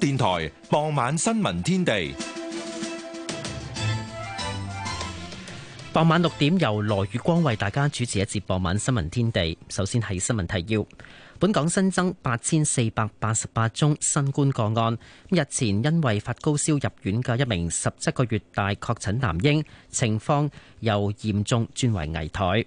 電台傍晚新聞天地，傍晚六點由羅宇光為大家主持一節傍晚新聞天地。首先係新聞提要：本港新增八千四百八十八宗新冠個案。日前因為發高燒入院嘅一名十七個月大確診男嬰，情況由嚴重轉為危殆。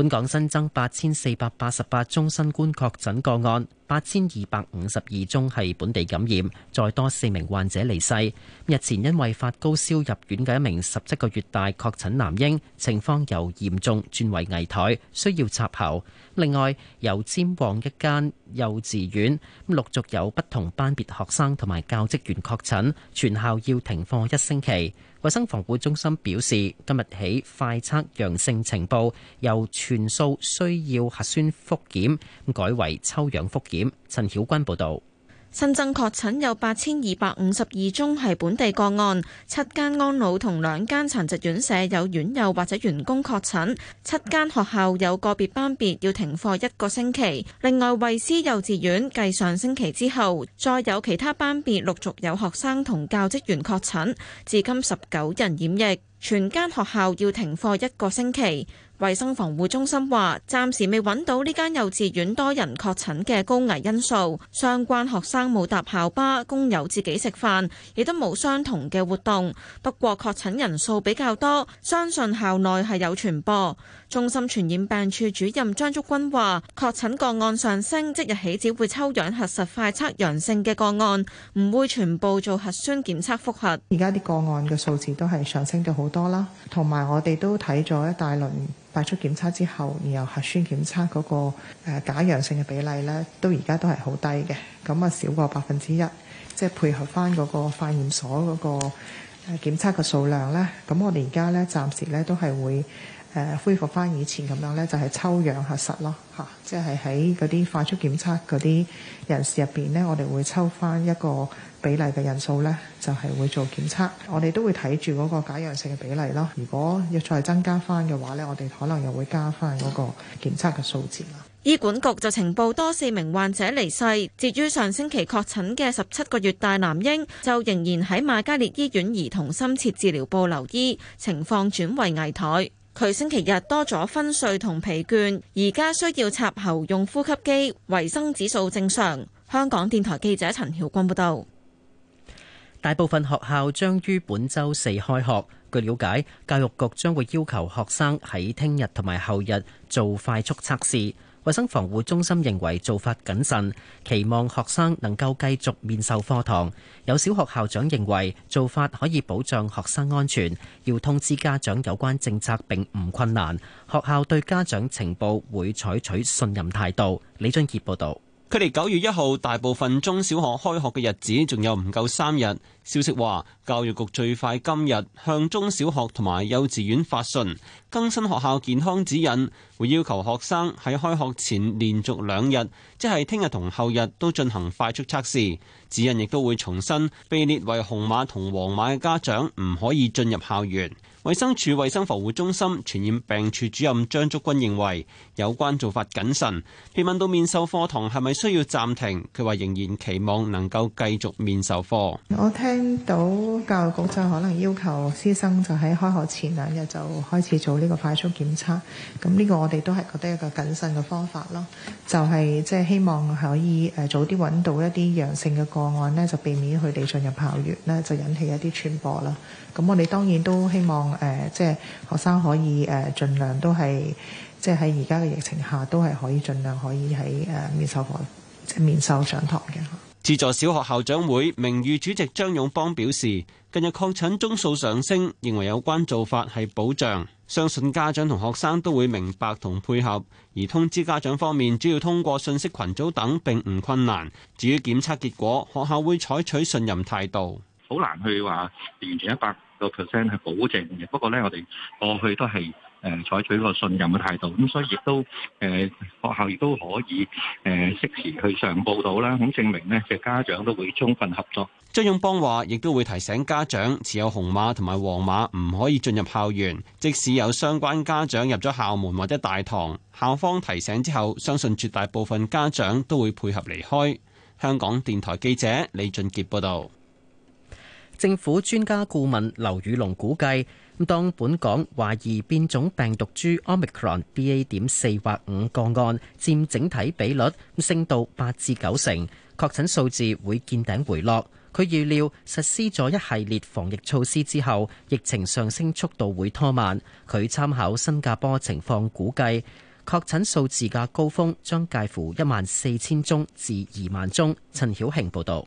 本港新增八千四百八十八宗新冠確診個案，八千二百五十二宗係本地感染，再多四名患者離世。日前因為發高燒入院嘅一名十七個月大確診男嬰，情況由嚴重轉為危殆，需要插喉。另外，由尖旺一間幼稚園陸續有不同班別學生同埋教職員確診，全校要停課一星期。衛生防護中心表示，今日起快測陽性情報由全數需要核酸複檢，改為抽樣複檢。陳曉君報導。新增確診有八千二百五十二宗，係本地個案。七間安老同兩間殘疾院舍有院友或者員工確診，七間學校有個別班別要停課一個星期。另外，惠斯幼稚園繼上星期之後，再有其他班別陸續有學生同教職員確診，至今十九人染疫，全間學校要停課一個星期。衛生防護中心話，暫時未搵到呢間幼稚園多人確診嘅高危因素。相關學生冇搭校巴，工友自己食飯，亦都冇相同嘅活動。不過確診人數比較多，相信校內係有傳播。中心傳染病處主任張竹君話，確診個案上升，即日起只會抽樣核實快測陽性嘅個案，唔會全部做核酸檢測複核。而家啲個案嘅數字都係上升咗好多啦，同埋我哋都睇咗一大輪快速檢測之後，然後核酸檢測嗰個誒假陽性嘅比例咧，都而家都係好低嘅，咁啊少過百分之一。即係配合翻嗰個化驗所嗰個誒檢測嘅數量咧，咁我哋而家咧暫時咧都係會。誒恢復翻以前咁樣咧，就係抽樣核實咯嚇，即係喺嗰啲快速檢測嗰啲人士入邊呢，我哋會抽翻一個比例嘅人數咧，就係會做檢測。我哋都會睇住嗰個假陽性嘅比例咯。如果要再增加翻嘅話咧，我哋可能又會加翻嗰個檢測嘅數字啦。醫管局就呈報多四名患者離世，至於上星期確診嘅十七個月大男嬰，就仍然喺瑪嘉烈醫院兒童深切治療部留醫，情況轉為危殆。佢星期日多咗昏睡同疲倦，而家需要插喉用呼吸機，維生指數正常。香港電台記者陳曉君報道，大部分學校將於本周四開學。據了解，教育局將會要求學生喺聽日同埋後日做快速測試。衛生防護中心認為做法謹慎，期望學生能夠繼續面授課堂。有小學校長認為做法可以保障學生安全，要通知家長有關政策並唔困難。學校對家長情報會採取信任態度。李俊杰報道。距離九月一號大部分中小學開學嘅日子仲有唔夠三日，消息話教育局最快今日向中小學同埋幼稚園發信更新學校健康指引，會要求學生喺開學前連續兩日，即係聽日同後日都進行快速測試。指引亦都會重申，被列為紅碼同黃碼嘅家長唔可以進入校園。衛生署衛生防護中心傳染病處主任張竹君認為，有關做法謹慎。被問到面授課堂係咪需要暫停，佢話仍然期望能夠繼續面授課。我聽到教育局就可能要求師生就喺開學前兩日就開始做呢個快速檢測。咁呢個我哋都係覺得一個謹慎嘅方法咯，就係即係希望可以誒早啲揾到一啲陽性嘅個案呢，就避免佢哋進入校園呢，就引起一啲傳播啦。咁我哋當然都希望誒即係學生可以誒盡量都係即係喺而家嘅疫情下，都係可以盡量可以喺誒面授課，即係面授上堂嘅。自助小學校長會名譽主席張勇邦表示，近日確診宗數上升，認為有關做法係保障，相信家長同學生都會明白同配合，而通知家長方面主要通過信息群組等並唔困難，至於檢測結果，學校會採取信任態度。好難去話完全一百個 percent 係保證嘅。不過呢，我哋過去都係誒採取一個信任嘅態度，咁所以亦都誒、呃、學校亦都可以誒適、呃、時去上報到啦。咁證明呢，嘅家長都會充分合作。張勇邦話，亦都會提醒家長持有紅碼同埋黃碼唔可以進入校園。即使有相關家長入咗校門或者大堂，校方提醒之後，相信絕大部分家長都會配合離開。香港電台記者李俊杰報道。政府專家顧問劉宇龍估計，當本港懷疑變種病毒株 Omicron BA 點四或五個案佔整體比率，升到八至九成，確診數字會見頂回落。佢預料實施咗一系列防疫措施之後，疫情上升速度會拖慢。佢參考新加坡情況估計，確診數字嘅高峰將介乎一萬四千宗至二萬宗。陳曉慶報導。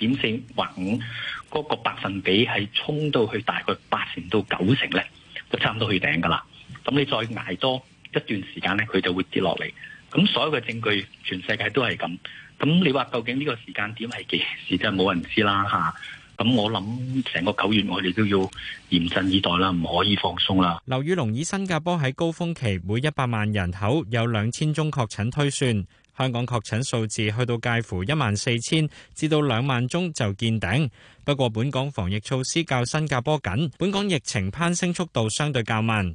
點四或五嗰個百分比係衝到去大概八成到九成咧，就差唔多去頂噶啦。咁你再捱多一段時間咧，佢就會跌落嚟。咁所有嘅證據，全世界都係咁。咁你話究竟呢個時間點係幾時？真係冇人知啦吓，咁我諗成個九月，我哋都要嚴陣以待啦，唔可以放鬆啦。劉宇龍以新加坡喺高峰期每一百萬人口有兩千宗確診推算。香港確診數字去到介乎一萬四千至到兩萬宗就見頂，不過本港防疫措施較新加坡緊，本港疫情攀升速度相對較慢。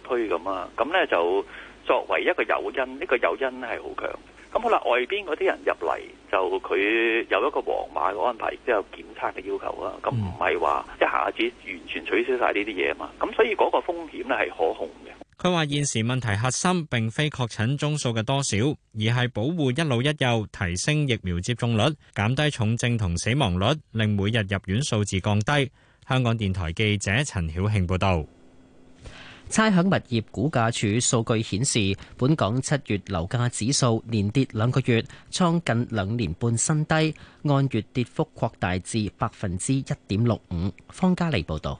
推咁啊，咁咧就作為一個誘因，呢個誘因係好強。咁好啦，外邊嗰啲人入嚟，就佢有一個黃碼嘅安排，都有檢測嘅要求啦。咁唔係話一下子完全取消晒呢啲嘢啊嘛。咁所以嗰個風險咧係可控嘅。佢話現時問題核心並非確診宗數嘅多少，而係保護一老一幼，提升疫苗接種率，減低重症同死亡率，令每日入院數字降低。香港電台記者陳曉慶報道。差餉物業估價署數據顯示，本港七月樓價指數連跌兩個月，創近兩年半新低，按月跌幅擴大至百分之一點六五。方家利報道，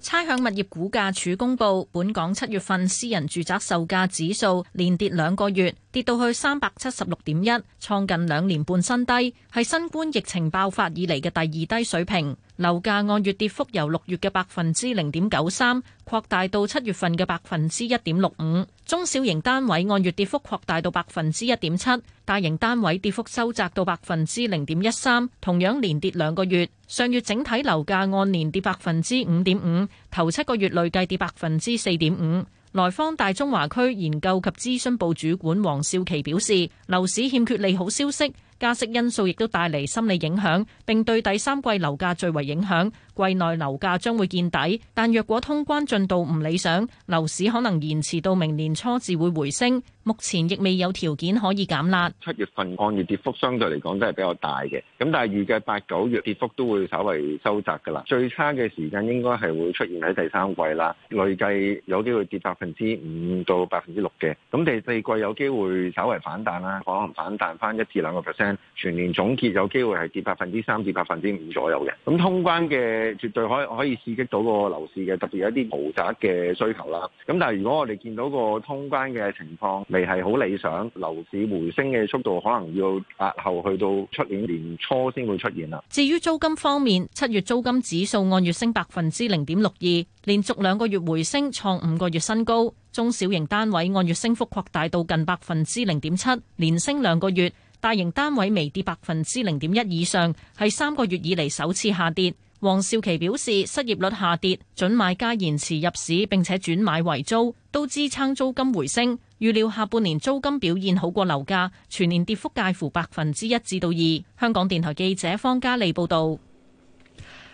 差餉物業估價署公布，本港七月份私人住宅售價指數連跌兩個月跌，跌到去三百七十六點一，創近兩年半新低，係新冠疫情爆發以嚟嘅第二低水平。樓價按月跌幅由六月嘅百分之零點九三擴大到七月份嘅百分之一點六五，中小型單位按月跌幅擴大到百分之一點七，大型單位跌幅收窄到百分之零點一三，同樣連跌兩個月。上月整體樓價按年跌百分之五點五，頭七個月累計跌百分之四點五。萊坊大中華區研究及諮詢部主管王兆麒表示，樓市欠缺利好消息。加息因素亦都帶嚟心理影響，並對第三季樓價最為影響。季內樓價將會見底，但若果通關進度唔理想，樓市可能延遲到明年初至會回升。目前亦未有條件可以減辣。七月份按月跌幅相對嚟講都係比較大嘅，咁但係預計八九月跌幅都會稍為收窄噶啦。最差嘅時間應該係會出現喺第三季啦，累計有機會跌百分之五到百分之六嘅。咁第四季有機會稍為反彈啦，可能反彈返一至兩個 percent。全年總結有機會係跌百分之三至百分之五左右嘅。咁通關嘅絕對可可以刺激到個樓市嘅，特別一啲豪宅嘅需求啦。咁但係如果我哋見到個通關嘅情況未係好理想，樓市回升嘅速度可能要押後去到出年年初先會出現啦。至於租金方面，七月租金指數按月升百分之零點六二，連續兩個月回升，創五個月新高。中小型單位按月升幅擴大到近百分之零點七，連升兩個月。大型單位微跌百分之零點一以上，係三個月以嚟首次下跌。黃少琪表示，失業率下跌，準買家延遲入市並且轉買為租，都支撐租金回升。預料下半年租金表現好過樓價，全年跌幅介乎百分之一至到二。香港電台記者方嘉莉報道。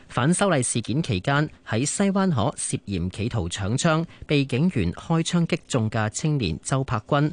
反修例事件期間，喺西灣河涉嫌企圖搶槍，被警員開槍擊中嘅青年周柏君，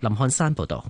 林漢山報道：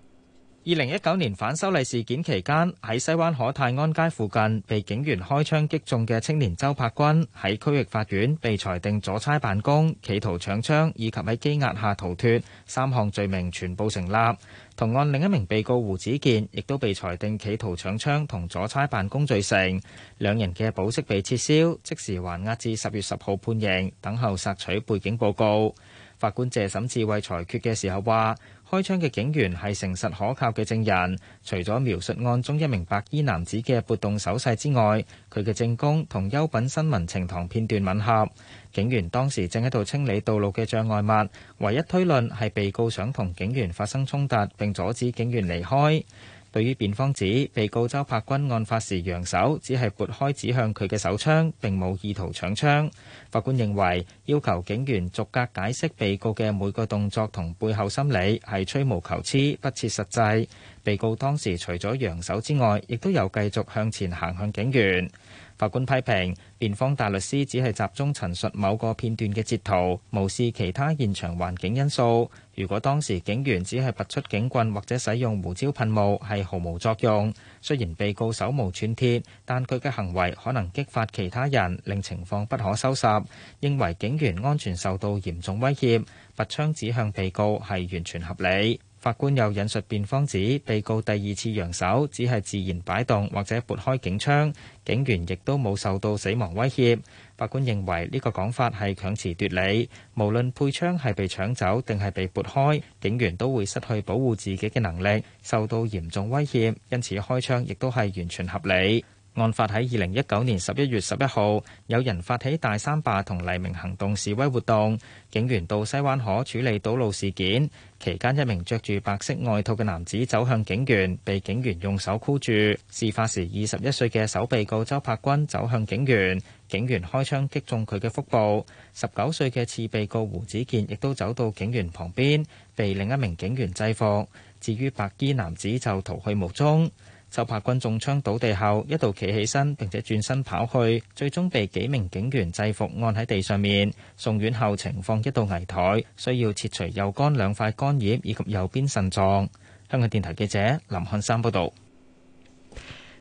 二零一九年反修例事件期間，喺西灣河泰安街附近被警員開槍擊中嘅青年周柏君，喺區域法院被裁定阻差辦公、企圖搶槍以及喺羈押下逃脫三項罪名全部成立。同案另一名被告胡子健亦都被裁定企圖搶槍同阻差辦公罪成，兩人嘅保釋被撤銷，即時還押至十月十號判刑，等候索取背景報告。法官謝沈智慧裁決嘅時候話。開槍嘅警員係誠實可靠嘅證人，除咗描述案中一名白衣男子嘅活動手勢之外，佢嘅證供同優品新聞呈堂片段吻合。警員當時正喺度清理道路嘅障礙物，唯一推論係被告想同警員發生衝突並阻止警員離開。對於辯方指被告周柏君案發時揚手，只係撥開指向佢嘅手槍，並冇意圖搶槍，法官認為要求警員逐格解釋被告嘅每個動作同背後心理係吹毛求疵、不切實際。被告當時除咗揚手之外，亦都有繼續向前行向警員。法官批評，辯方大律師只係集中陳述某個片段嘅截圖，無視其他現場環境因素。如果當時警員只係拔出警棍或者使用胡椒噴霧，係毫無作用。雖然被告手無寸鐵，但佢嘅行為可能激發其他人，令情況不可收拾。認為，警員安全受到嚴重威脅，拔槍指向被告係完全合理。法官又引述辯方指，被告第二次揚手只係自然擺動或者撥開警槍，警員亦都冇受到死亡威脅。法官認為呢個講法係強詞奪理。無論配槍係被搶走定係被撥開，警員都會失去保護自己嘅能力，受到嚴重威脅，因此開槍亦都係完全合理。案發喺二零一九年十一月十一號，有人發起大三罷同黎明行動示威活動，警員到西灣河處理堵路事件。期間，一名着住白色外套嘅男子走向警員，被警員用手箍住。事發時，二十一歲嘅首被告周柏君走向警員，警員開槍擊中佢嘅腹部。十九歲嘅次被告胡子健亦都走到警員旁邊，被另一名警員制伏。至於白衣男子就逃去無蹤。受白軍中槍倒地後，一度企起身並且轉身跑去，最終被幾名警員制服按喺地上面，送院後，情況一度危殆，需要切除右肝兩塊肝葉以及右邊腎臟。香港電台記者林漢山報導。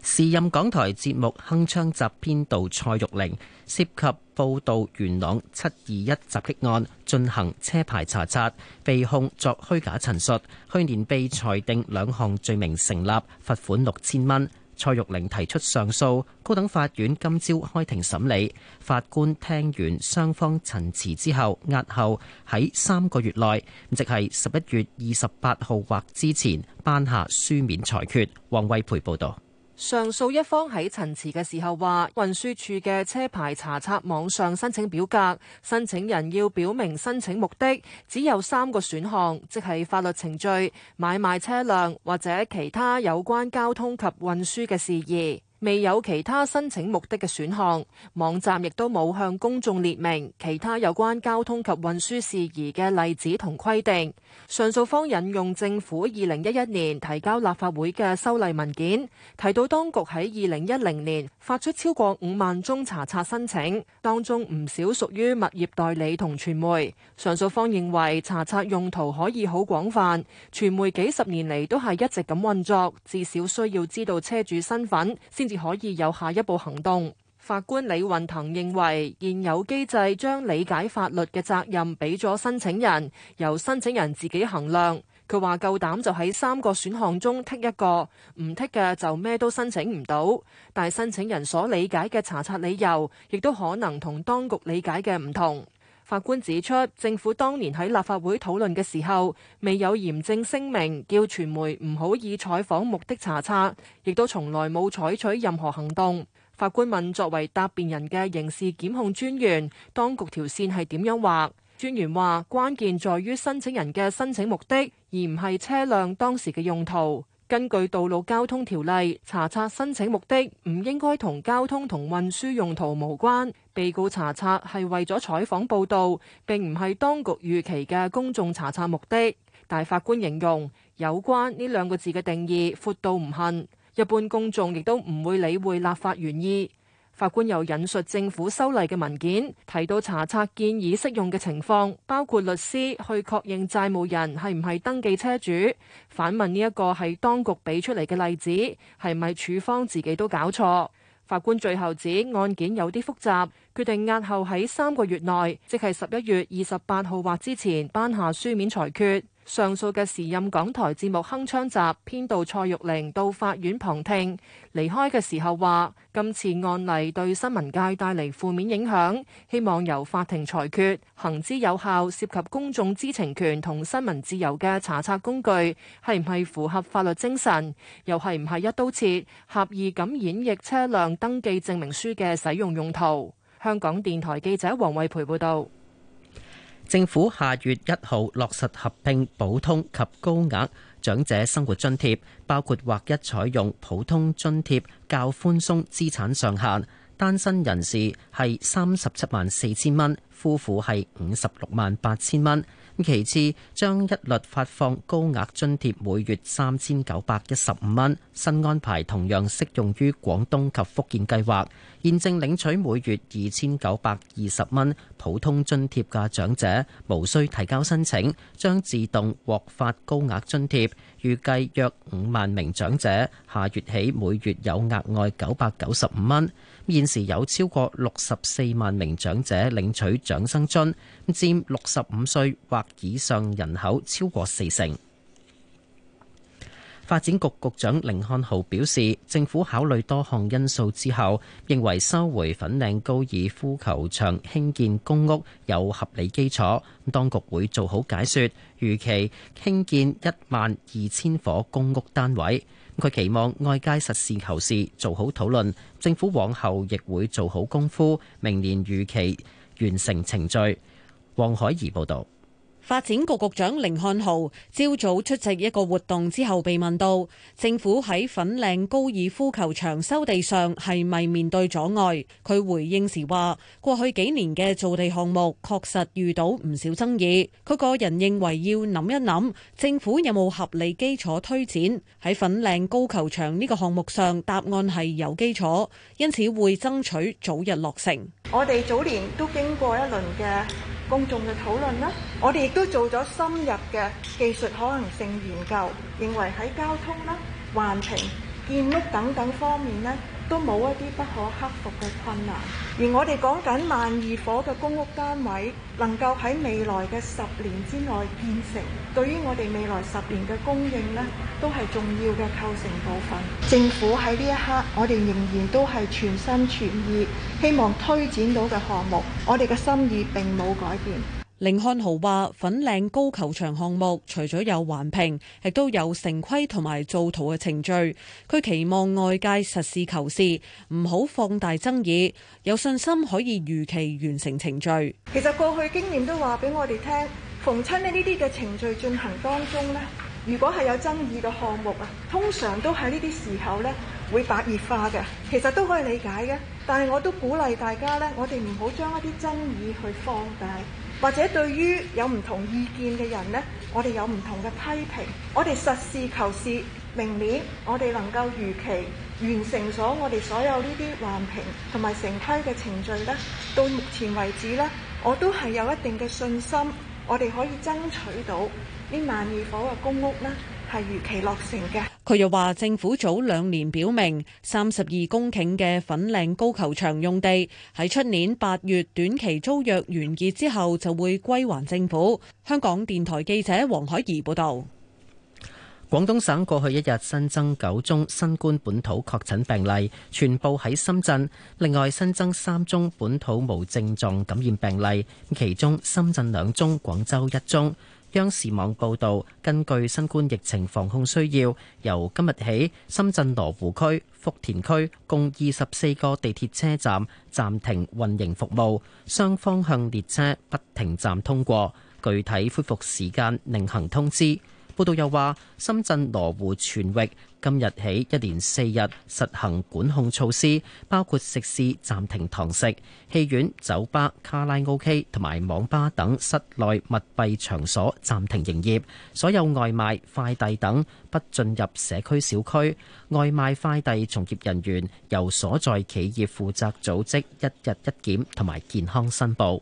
時任港台節目《鏗鏘集》編導蔡玉玲涉及報道元朗七二一襲擊案進行車牌查冊，被控作虛假陳述，去年被裁定兩項罪名成立，罰款六千蚊。蔡玉玲提出上訴，高等法院今朝開庭審理，法官聽完雙方陳詞之後，押後喺三個月內，即係十一月二十八號或之前頒下書面裁決。黃惠培報道。上訴一方喺陳詞嘅時候話，運輸署嘅車牌查冊網上申請表格，申請人要表明申請目的，只有三個選項，即係法律程序、買賣車輛或者其他有關交通及運輸嘅事宜。未有其他申請目的嘅選項，網站亦都冇向公眾列明其他有關交通及運輸事宜嘅例子同規定。上訴方引用政府二零一一年提交立法會嘅修例文件，提到當局喺二零一零年發出超過五萬宗查冊申請，當中唔少屬於物業代理同傳媒。上訴方認為查冊用途可以好廣泛，傳媒幾十年嚟都係一直咁運作，至少需要知道車主身份先至。可以有下一步行動。法官李運騰認為，現有機制將理解法律嘅責任俾咗申請人，由申請人自己衡量。佢話夠膽就喺三個選項中剔一個，唔剔嘅就咩都申請唔到。但係申請人所理解嘅查冊理由，亦都可能同當局理解嘅唔同。法官指出，政府當年喺立法會討論嘅時候，未有嚴正聲明叫傳媒唔好以採訪目的查冊，亦都從來冇採取任何行動。法官問：作為答辯人嘅刑事檢控專員，當局條線係點樣畫？專員話：關鍵在於申請人嘅申請目的，而唔係車輛當時嘅用途。根據道路交通條例，查冊申請目的唔應該同交通同運輸用途無關。被告查冊係為咗採訪報導，並唔係當局預期嘅公眾查冊目的。大法官形容有關呢兩個字嘅定義闊到唔幸，一般公眾亦都唔會理會立法原意。法官又引述政府修例嘅文件，提到查冊建議適用嘅情況，包括律師去確認債務人係唔係登記車主，反問呢一個係當局俾出嚟嘅例子，係咪處方自己都搞錯？法官最後指案件有啲複雜，決定押後喺三個月內，即係十一月二十八號或之前頒下書面裁決。上述嘅時任港台節目鏗鏘集編導蔡玉玲到法院旁聽，離開嘅時候話：今次案例對新聞界帶嚟負面影響，希望由法庭裁決，行之有效，涉及公眾知情權同新聞自由嘅查冊工具係唔係符合法律精神，又係唔係一刀切，合意咁演繹車輛登記證明書嘅使用用途。香港電台記者黃慧培報道。政府下月一號落實合併普通及高額長者生活津貼，包括劃一採用普通津貼較寬鬆資產上限，單身人士係三十七萬四千蚊，夫婦係五十六萬八千蚊。其次，將一律發放高額津貼，每月三千九百一十五蚊。新安排同樣適用於廣東及福建計劃，現正領取每月二千九百二十蚊普通津貼嘅長者，無需提交申請，將自動獲發高額津貼，預計約五萬名長者下月起每月有額外九百九十五蚊。現時有超過六十四萬名長者領取長生津，佔六十五歲或以上人口超過四成。發展局局長甯漢豪表示，政府考慮多項因素之後，認為收回粉嶺高爾夫球場興建公屋有合理基礎。當局會做好解說，預期興建一萬二千伙公屋單位。佢期望外界實事求是做好討論，政府往後亦會做好功夫，明年預期完成程序。黃海怡報道。發展局局長凌漢豪朝早出席一個活動之後被問到，政府喺粉嶺高爾夫球場收地上係咪面對阻礙？佢回應時話：過去幾年嘅造地項目確實遇到唔少爭議。佢個人認為要諗一諗政府有冇合理基礎推展喺粉嶺高球場呢個項目上，答案係有基礎，因此會爭取早日落成。我哋早年都經過一輪嘅公眾嘅討論啦，我哋。都做咗深入嘅技術可能性研究，認為喺交通啦、環評、建屋等等方面咧，都冇一啲不可克服嘅困難，而我哋講緊萬二夥嘅公屋單位，能夠喺未來嘅十年之內建成，對於我哋未來十年嘅供應咧，都係重要嘅構成部分。政府喺呢一刻，我哋仍然都係全心全意，希望推展到嘅項目，我哋嘅心意並冇改變。寧漢豪話：粉嶺高球場項目除咗有環評，亦都有城規同埋做圖嘅程序。佢期望外界實事求是，唔好放大爭議，有信心可以如期完成程序。其實過去經驗都話俾我哋聽，逢親咧呢啲嘅程序進行當中呢，如果係有爭議嘅項目啊，通常都喺呢啲時候咧會白熱化嘅。其實都可以理解嘅，但係我都鼓勵大家呢，我哋唔好將一啲爭議去放大。或者對於有唔同意見嘅人呢，我哋有唔同嘅批評，我哋實事求是，明年我哋能夠如期完成咗我哋所有呢啲環評同埋城規嘅程序呢，到目前為止呢，我都係有一定嘅信心，我哋可以爭取到呢萬二夥嘅公屋啦。係如期落成嘅。佢又話：政府早兩年表明，三十二公頃嘅粉嶺高球場用地喺出年八月短期租約完結之後就會歸還政府。香港電台記者黃海怡報道。廣東省過去一日新增九宗新冠本土確診病例，全部喺深圳。另外新增三宗本土無症狀感染病例，其中深圳兩宗，廣州一宗。央視網報道，根據新冠疫情防控需要，由今日起，深圳羅湖區、福田區共二十四個地鐵車站暫停運營服務，雙方向列車不停站通過，具體恢復時間另行通知。報道又話，深圳羅湖全域。今日起一連四日實行管控措施，包括食肆暫停堂食、戲院、酒吧、卡拉 OK 同埋網吧等室內密閉場所暫停營業，所有外賣、快遞等不進入社區小區。外賣快遞從業人員由所在企業負責組織一日一檢同埋健康申報。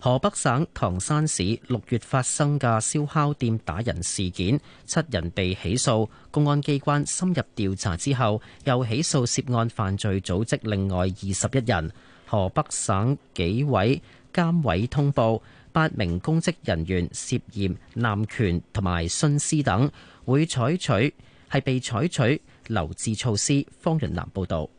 河北省唐山市六月發生嘅燒烤店打人事件，七人被起訴，公安機關深入調查之後，又起訴涉案犯罪組織另外二十一人。河北省紀委監委通報八名公職人員涉嫌濫權同埋徇私等，會採取係被採取留置措施。方永南報道。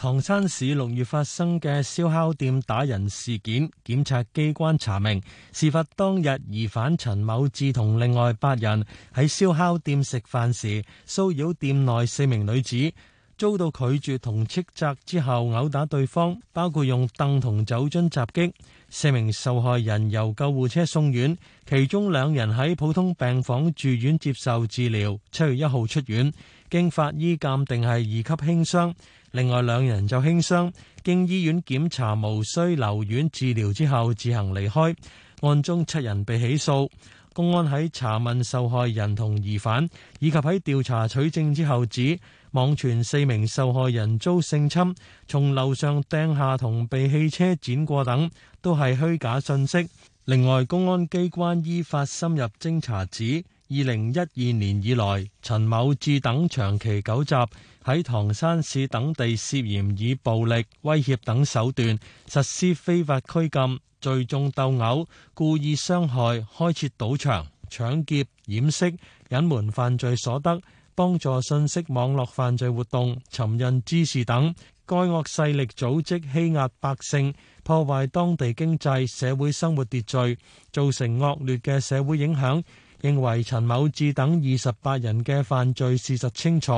唐山市六月發生嘅燒烤店打人事件，檢察機關查明，事發當日疑犯陳某志同另外八人喺燒烤店食飯時，騷擾店內四名女子，遭到拒絕同斥責之後，毆打對方，包括用凳同酒樽襲擊。四名受害人由救護車送院，其中兩人喺普通病房住院接受治療，七月一號出院。經法醫鑒定係二級輕傷，另外兩人就輕傷，經醫院檢查無需留院治療之後自行離開。案中七人被起訴，公安喺查問受害人同疑犯以及喺調查取證之後指，網傳四名受害人遭性侵、從樓上掟下同被汽車碾過等都係虛假信息。另外，公安機關依法深入偵查指。二零一二年以來，陳某志等長期糾集喺唐山市等地，涉嫌以暴力威脅等手段實施非法拘禁、聚眾鬥毆、故意傷害、開設賭場、搶劫、掩飾、隱瞞犯罪所得、幫助信息網絡犯罪活動、尋釁滋事等，該惡勢力組織欺壓百姓，破壞當地經濟、社會生活秩序，造成惡劣嘅社會影響。認為陳某志等二十八人嘅犯罪事實清楚，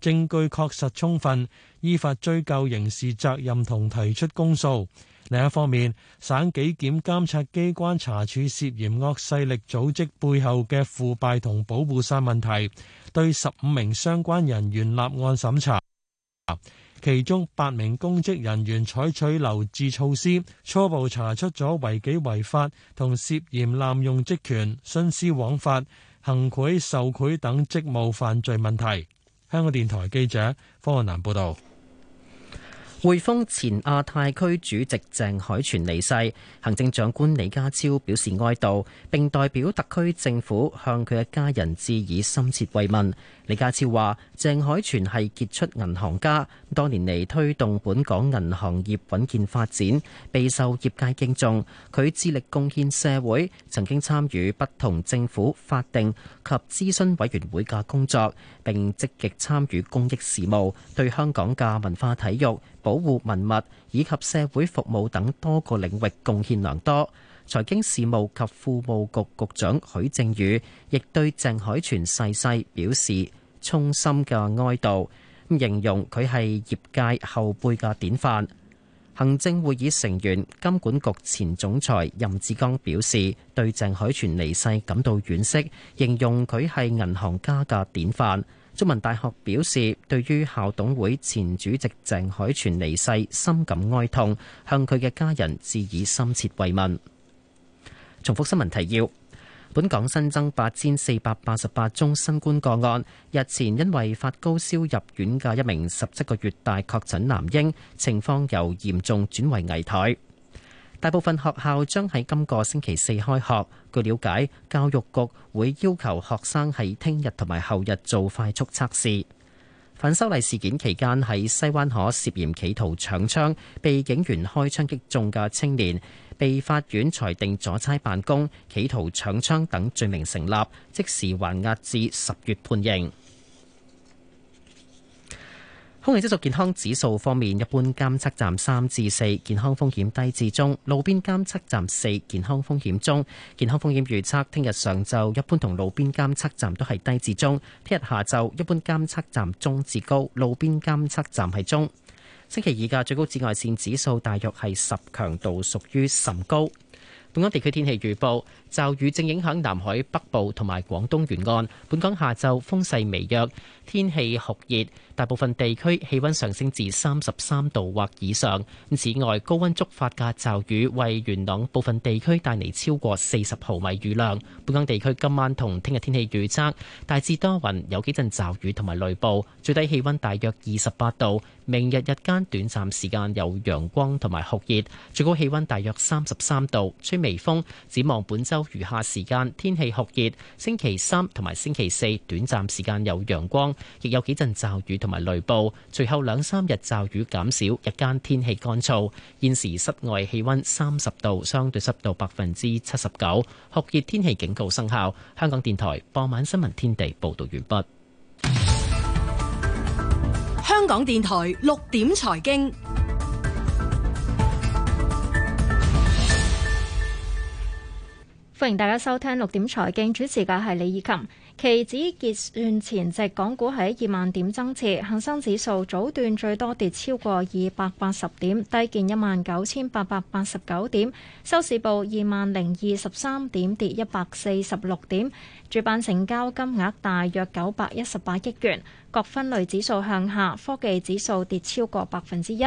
證據確實充分，依法追究刑事責任同提出公訴。另一方面，省紀檢監察機關查處涉嫌惡勢力組織背後嘅腐敗同保護傘問題，對十五名相關人員立案審查。其中八名公職人員採取留置措施，初步查出咗違紀違法同涉嫌濫用職權、徇私枉法、行賄受賄等職務犯罪問題。香港電台記者方雲南報道。匯豐前亞太區主席鄭海泉離世，行政長官李家超表示哀悼，並代表特區政府向佢嘅家人致以深切慰問。李家超話鄭海泉係傑出銀行家，多年嚟推動本港銀行業穩健發展，備受業界敬重。佢致力貢獻社會，曾經參與不同政府法定及諮詢委員會嘅工作，並積極參與公益事務，對香港嘅文化體育、保護文物以及社會服務等多個領域貢獻良多。財經事務及庫務局局長許正宇亦對鄭海泉逝世表示。衷心嘅哀悼，形容佢係業界後輩嘅典範。行政會議成員、金管局前總裁任志剛表示，對鄭海泉離世感到惋惜，形容佢係銀行家嘅典範。中文大學表示，對於校董會前主席鄭海泉離世深感哀痛，向佢嘅家人致以深切慰問。重複新聞提要。本港新增八千四百八十八宗新冠個案。日前因為發高燒入院嘅一名十七個月大確診男嬰，情況由嚴重轉為危殆。大部分學校將喺今個星期四開學。據了解，教育局會要求學生喺聽日同埋後日做快速測試。反修例事件期間喺西灣河涉嫌企圖搶槍，被警員開槍擊中嘅青年，被法院裁定阻差辦公、企圖搶槍等罪名成立，即時還押至十月判刑。空氣質素健康指數方面，一般監測站三至四，健康風險低至中；路邊監測站四，健康風險中。健康風險預測：聽日上晝一般同路邊監測站都係低至中；聽日下晝一般監測站中至高，路邊監測站係中。星期二嘅最高紫外線指數大約係十，強度屬於甚高。本港地區天氣預報，驟雨正影響南海北部同埋廣東沿岸。本港下晝風勢微弱。天氣酷熱，大部分地區氣溫上升至三十三度或以上。此外，高溫觸發嘅驟雨為元朗部分地區帶嚟超過四十毫米雨量。本港地區今晚同聽日天氣預測大致多雲，有幾陣驟雨同埋雷暴，最低氣溫大約二十八度。明日日間短暫時間有陽光同埋酷熱，最高氣溫大約三十三度，吹微風。展望本周餘下時間天氣酷熱，星期三同埋星期四短暫時間有陽光。亦有幾陣驟雨同埋雷暴，隨後兩三日驟雨減少，日間天氣乾燥。現時室外氣温三十度，相對濕度百分之七十九，酷熱天氣警告生效。香港電台傍晚新聞天地報道完畢。香港電台六點財經，歡迎大家收聽六點財經，主持嘅係李以琴。期指結算前夕，港股喺二萬點增持，恒生指數早段最多跌超過二百八十點，低見一萬九千八百八十九點，收市報二萬零二十三點，跌一百四十六點。主板成交金額大約九百一十八億元，各分類指數向下，科技指數跌超過百分之一。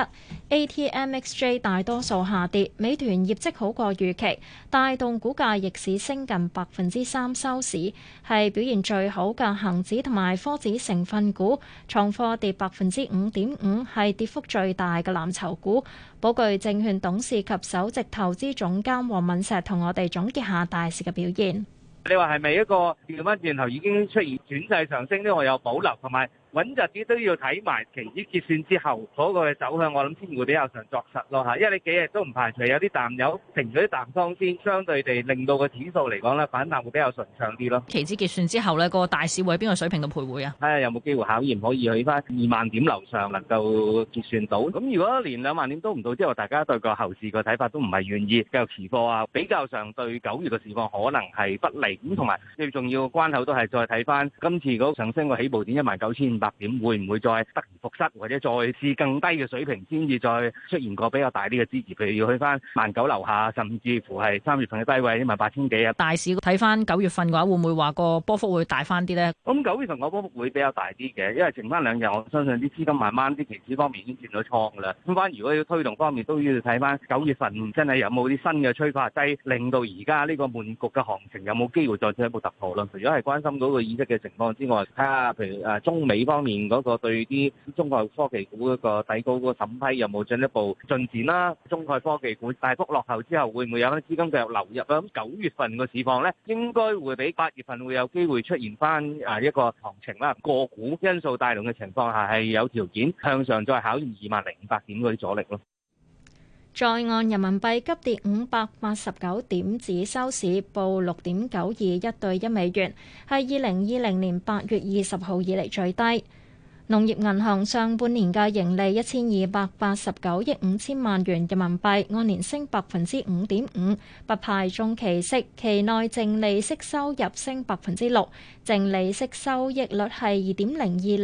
A T M X J 大多數下跌，美團業績好過預期，帶動股價逆市升近百分之三收市，係表現最好嘅恒指同埋科指成分股。創科跌百分之五點五，係跌幅最大嘅藍籌股。寶巨證券董事及首席投資總監黃敏石同我哋總結下大市嘅表現。你話係咪一個調翻轉頭已經出現轉勢上升呢？我有保留同埋，穩陣啲都要睇埋期指結算之後嗰個嘅走向，我諗先會比較上作實咯嚇。因為你幾日都唔排除有啲淡友平咗啲淡倉先，相對地令到個指數嚟講咧反彈會比較順暢啲咯。期指結算之後咧，個大市會喺邊個水平度徘徊啊？睇下、哎、有冇機會考驗可以去翻二萬點樓上能夠結算到。咁如果連兩萬點都唔到之後，即係大家對個後市個睇法都唔係願意繼續持貨啊，比較上對九月個市況可能係不利。咁同埋最重要關口都係再睇翻今次嗰上升個起步點一萬九千。八點會唔會再得而復失，或者再試更低嘅水平先至再出現個比較大啲嘅支持？譬如要去翻萬九樓下，甚至乎係三月份嘅低位，一萬八千幾啊！大市睇翻九月份嘅話，會唔會話個波幅會大翻啲咧？咁九、嗯、月份個波幅會比較大啲嘅，因為剩翻兩日，我相信啲資金慢慢啲期指方面已經轉到倉啦。咁翻如果要推動方面，都要睇翻九月份真係有冇啲新嘅催化劑，令到而家呢個悶局嘅行情有冇機會再進一步突破啦？除咗係關心到個意識嘅情況之外，睇下譬如誒中美。方面嗰個對啲中概科技股嗰個底稿嗰個審批有冇進一步進展啦？中概科技股大幅落後之後，會唔會有啲資金繼續流入啊？咁九月份個市況呢，應該會比八月份會有機會出現翻啊一個行情啦。個股因素帶動嘅情況下，係有條件向上再考驗二萬零五百點嗰啲阻力咯。在岸人民幣急跌五百八十九點，指收市報六點九二一對一美元，係二零二零年八月二十號以嚟最低。農業銀行上半年嘅盈利一千二百八十九億五千萬元人民幣，按年升百分之五點五，不派中期息，期內淨利息收入升百分之六，淨利息收益率係二點零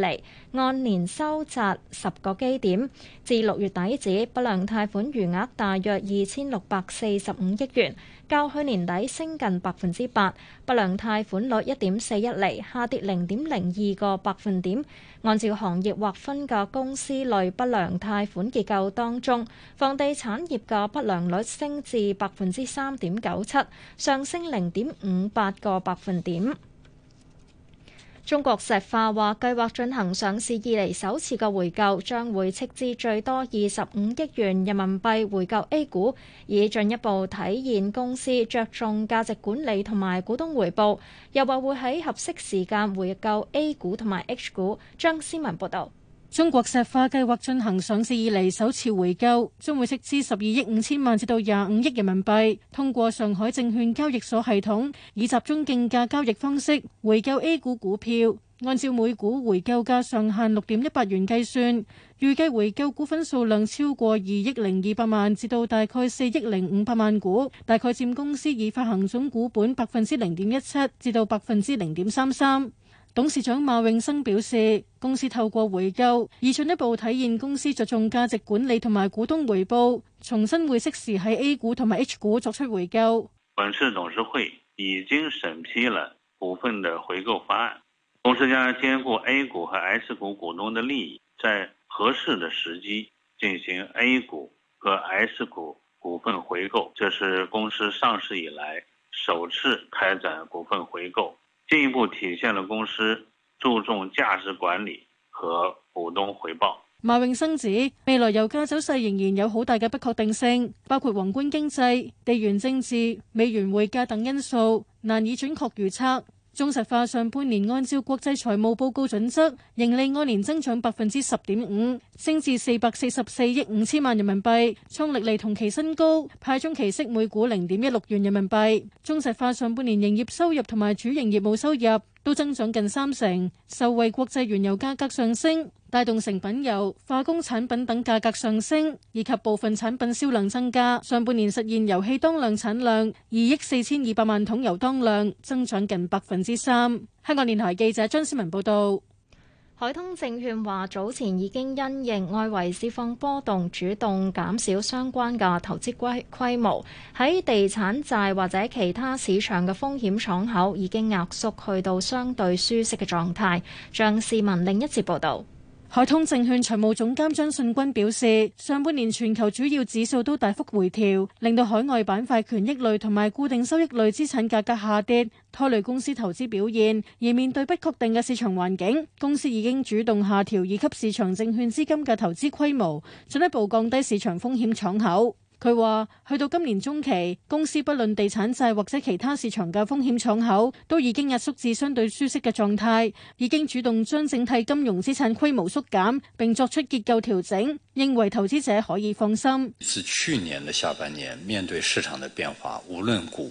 二厘。按年收窄十個基點至六月底止，不良貸款餘額大約二千六百四十五億元，較去年底升近百分之八。不良貸款率一點四一厘，下跌零點零二個百分點，按照行業劃分嘅公司類不良貸款結構當中，房地產業嘅不良率升至百分之三點九七，上升零點五八個百分點。中國石化話計劃進行上市以嚟首次嘅回購，將會斥資最多二十五億元人民幣回購 A 股，以進一步體現公司着重價值管理同埋股東回報。又話會喺合適時間回購 A 股同埋 H 股。張思文報道。中國石化計劃進行上市以來首次回購，將會斥資十二億五千萬至到廿五億人民幣，通過上海證券交易所系統以集中競價交易方式回購 A 股股票。按照每股回購價上限六點一八元計算，預計回購股份數量超過二億零二百萬至到大概四億零五百萬股，大概佔公司已發行總股本百分之零點一七至到百分之零點三三。董事長馬永生表示，公司透過回購，以進一步體現公司着重價值管理同埋股東回報，重新會適時喺 A 股同埋 H 股作出回購。本次董事會已經審批了股份的回購方案，公司將兼顧 A 股和 S 股股，股東的利益，在合適的時機進行 A 股和 S 股股份回購。這是公司上市以來首次開展股份回購。進一步體現了公司注重價值管理和股東回報。馬永生指，未來油價走勢仍然有好大嘅不確定性，包括宏觀經濟、地緣政治、美元匯價等因素，難以準確預測。中石化上半年按照國際財務報告準則，盈利按年增長百分之十點五，升至四百四十四億五千萬人民幣，創歷嚟同期新高，派中期息每股零點一六元人民幣。中石化上半年營業收入同埋主營業務收入都增長近三成，受惠國際原油價格上升，帶動成品油、化工產品等價格上升，以及部分產品銷量增加。上半年實現油氣當量產量二億四千二百萬桶油當量，增長近百分之三。香港電台記者張思文報道。海通證券話早前已經因應外圍市況波動，主動減少相關嘅投資規規模。喺地產債或者其他市場嘅風險敞口已經壓縮去到相對舒適嘅狀態。張思文另一節報道。海通證券財務總監張信君表示，上半年全球主要指數都大幅回調，令到海外板塊權益類同埋固定收益類資產價格下跌，拖累公司投資表現。而面對不確定嘅市場環境，公司已經主動下調二級市場證券資金嘅投資規模，進一步降低市場風險敞口。佢話：去到今年中期，公司不論地產債或者其他市場嘅風險敞口，都已經壓縮至相對舒適嘅狀態，已經主動將整體金融資產規模縮減並作出結構調整，認為投資者可以放心。自去年下半年面對市場的變化，無論股。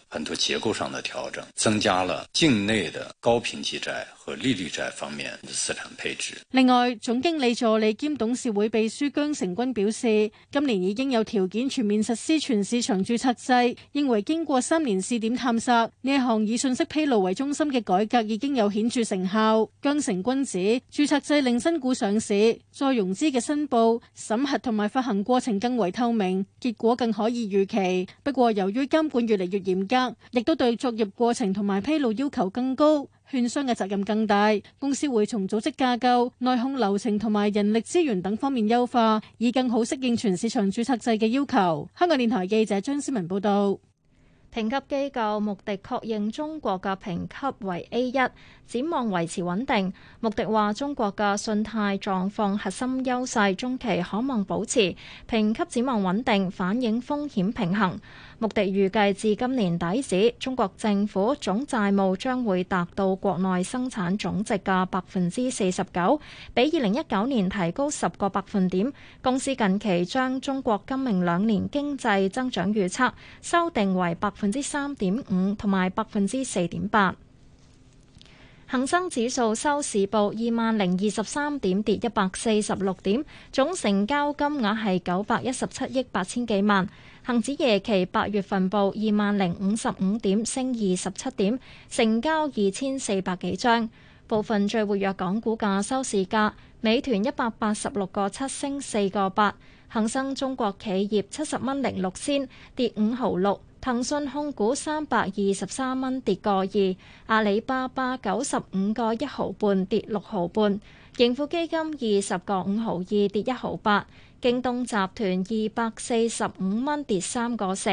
很多結構上的調整，增加了境內的高評級債和利率債方面的資產配置。另外，總經理助理兼董事會秘書姜成軍表示，今年已經有條件全面實施全市場注冊制，認為經過三年試點探索，呢項以信息披露為中心嘅改革已經有顯著成效。姜成軍指，注冊制令新股上市、再融資嘅申報、審核同埋發行過程更為透明，結果更可以預期。不過，由於監管越嚟越嚴格。亦都對作業過程同埋披露要求更高，券商嘅責任更大。公司會從組織架構、內控流程同埋人力資源等方面優化，以更好適應全市場注冊制嘅要求。香港電台記者張思文報道。評級機構穆迪確認中國嘅評級為 A1，展望維持穩定。穆迪話中國嘅信貸狀況核心優勢，中期可望保持評級展望穩定，反映風險平衡。穆迪預計至今年底止，中國政府總債務將會達到國內生產總值嘅百分之四十九，比二零一九年提高十個百分點。公司近期將中國今明兩年經濟增長預測修訂為百。百分之三點五同埋百分之四點八，恒生指數收市報二萬零二十三點，跌一百四十六點，總成交金額係九百一十七億八千幾萬。恒指夜期八月份報二萬零五十五點，升二十七點，成交二千四百幾張。部分最活躍港股價收市價，美團一百八十六個七，升四個八，恒生中國企業七十蚊零六仙，跌五毫六。騰訊控股三百二十三蚊，跌個二；阿里巴巴九十五個一毫半，跌六毫半；盈富基金二十個五毫二，跌一毫八；京東集團二百四十五蚊，跌三個四；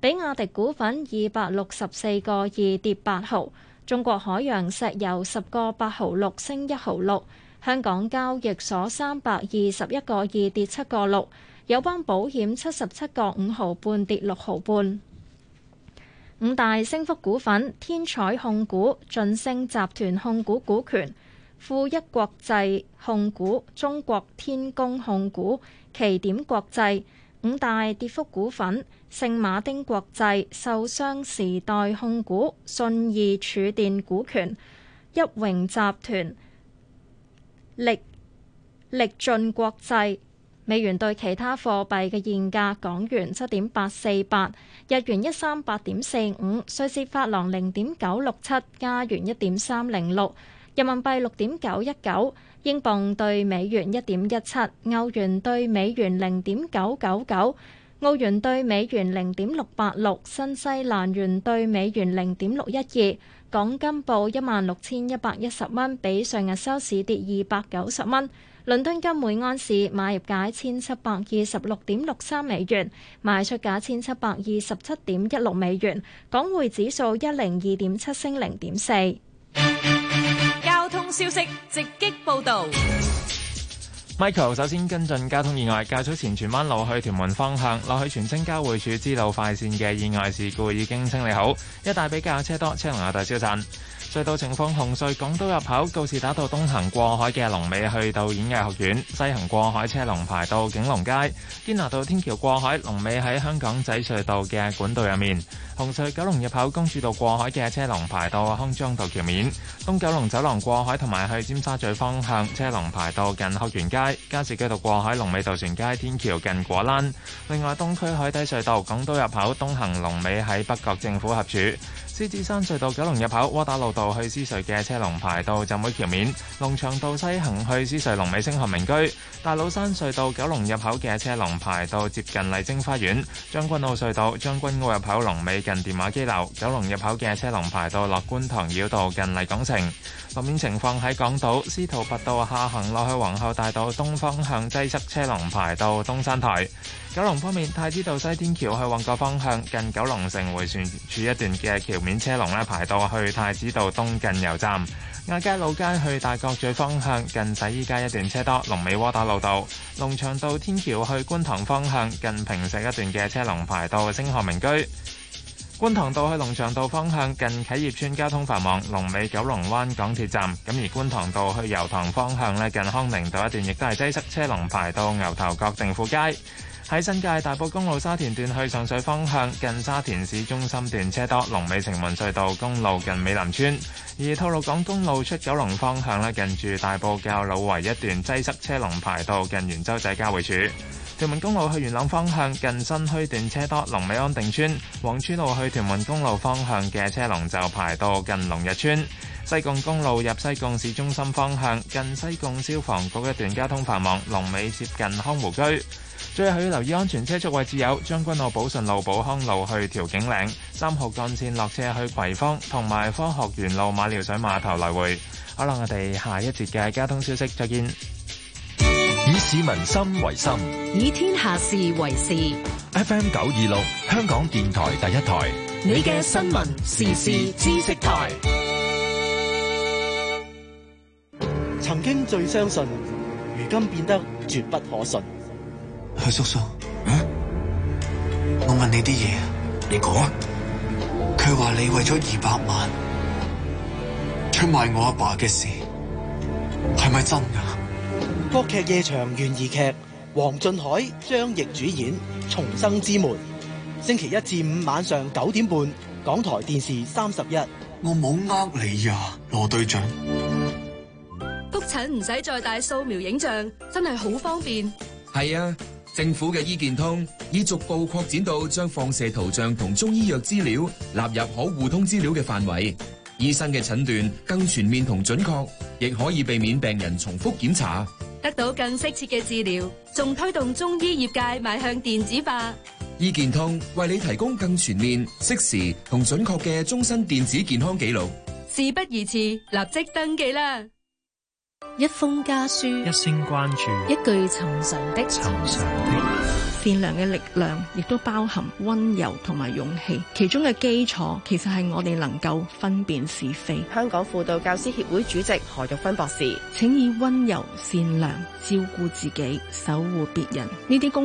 比亞迪股份二百六十四個二，跌八毫；中國海洋石油十個八毫六，升一毫六；香港交易所三百二十一個二，跌七個六；友邦保險七十七個五毫半，跌六毫半。五大升幅股份：天彩控股、晉升集團控股股權、富一國際控股、中國天工控股、奇點國際。五大跌幅股份：聖馬丁國際、受傷時代控股、信義儲電股權、一榮集團、力力進國際。美元兌其他貨幣嘅現價：港元七點八四八，日元一三八點四五，瑞士法郎零點九六七，加元一點三零六，人民幣六點九一九，英鎊對美元一點一七，歐元對美元零點九九九，澳元對美元零點六八六，新西蘭元對美元零點六一二。港金報一萬六千一百一十蚊，比上日收市跌二百九十蚊。倫敦金每安士買入價一千七百二十六點六三美元，賣出價一千七百二十七點一六美元。港匯指數一零二點七升零點四。交通消息直擊報道。Michael 首先跟進交通意外，較早前荃灣路去屯門方向、落去荃青交匯處支路快線嘅意外事故已經清理好，一帶比較車多，車龍有待消散。隧道情況：紅隧港島入口告士打道東行過海嘅龍尾去到演藝學院，西行過海車龍排到景隆街；堅拿道天橋過海龍尾喺香港仔隧道嘅管道入面；紅隧九龍入口公主道過海嘅車龍排到康莊道橋面；東九龍走廊過海同埋去尖沙咀方向車龍排到近學園街；加士居道過海龍尾渡船街天橋近果欄。另外，東區海底隧道港島入口東行龍尾喺北角政府合署。獅子山隧道九龍入口窩打老道去獅隧嘅車龍排到浸會橋面，龍翔道西行去獅隧龍尾星河名居，大老山隧道九龍入口嘅車龍排到接近麗晶花園，將軍澳隧道將軍澳入口龍尾近電話機樓，九龍入口嘅車龍排到落觀塘繞道近麗港城。路面情況喺港島，司徒拔道下行落去皇后大道東方向擠塞車龍排到東山台；九龍方面，太子道西天橋去旺角方向近九龍城迴旋處一段嘅橋面車龍咧排到去太子道東近油站；亞皆老街去大角咀方向近洗衣街一段車多，龍尾窩打老道、龍翔道天橋去觀塘方向近坪石一段嘅車龍排到星河明居。觀塘道去龍翔道方向近啟業村交通繁忙，龍尾九龍灣港鐵站。咁而觀塘道去油塘方向咧，近康寧道一段亦都係擠塞車龍，車龍排到牛頭角定富街。喺新界大埔公路沙田段去上水方向，近沙田市中心段車多，龍尾城門隧道公路近美林村。而吐露港公路出九龍方向咧，近住大埔滘老圍一段擠塞車龍，車龍排到近元洲仔交匯處。屯門公路去元朗方向近新墟段車多，龍尾安定村；黃村路去屯門公路方向嘅車龍就排到近龍日村。西貢公路入西貢市中心方向近西貢消防局一段交通繁忙，龍尾接近康湖區。最後要留意安全車速位置有將軍澳寶順路、寶康路去調景嶺、三號幹線落車去葵芳同埋科學園路馬料水碼頭來回。好啦，我哋下一節嘅交通消息再見。市民心為心，以天下事為事。FM 九二六，香港電台第一台，你嘅新聞時事知識台。曾經最相信，如今變得絕不可信。許、啊、叔叔，嗯、啊，我問你啲嘢，你講。佢話你為咗二百萬出賣我阿爸嘅事，係咪真㗎？國劇夜場懸疑劇，王俊凱、張譯主演《重生之門》。星期一至五晚上九點半，港台電視三十一。我冇呃你呀，啊，羅隊長。復診唔使再帶掃描影像，真係好方便。係啊，政府嘅醫健通已逐步擴展到將放射圖像同中醫藥資料納入可互通資料嘅範圍，醫生嘅診斷更全面同準確，亦可以避免病人重複檢查。得到更適切嘅治療，仲推動中醫業界邁向電子化。醫健通為你提供更全面、適時同準確嘅終身電子健康記錄。事不宜遲，立即登記啦！一封家書，一聲關注，一句尋常的。善良嘅力量亦都包含溫柔同埋勇氣，其中嘅基礎其實係我哋能夠分辨是非。香港輔導教師協會主席何玉芬博士，請以溫柔善良照顧自己，守護別人呢啲功。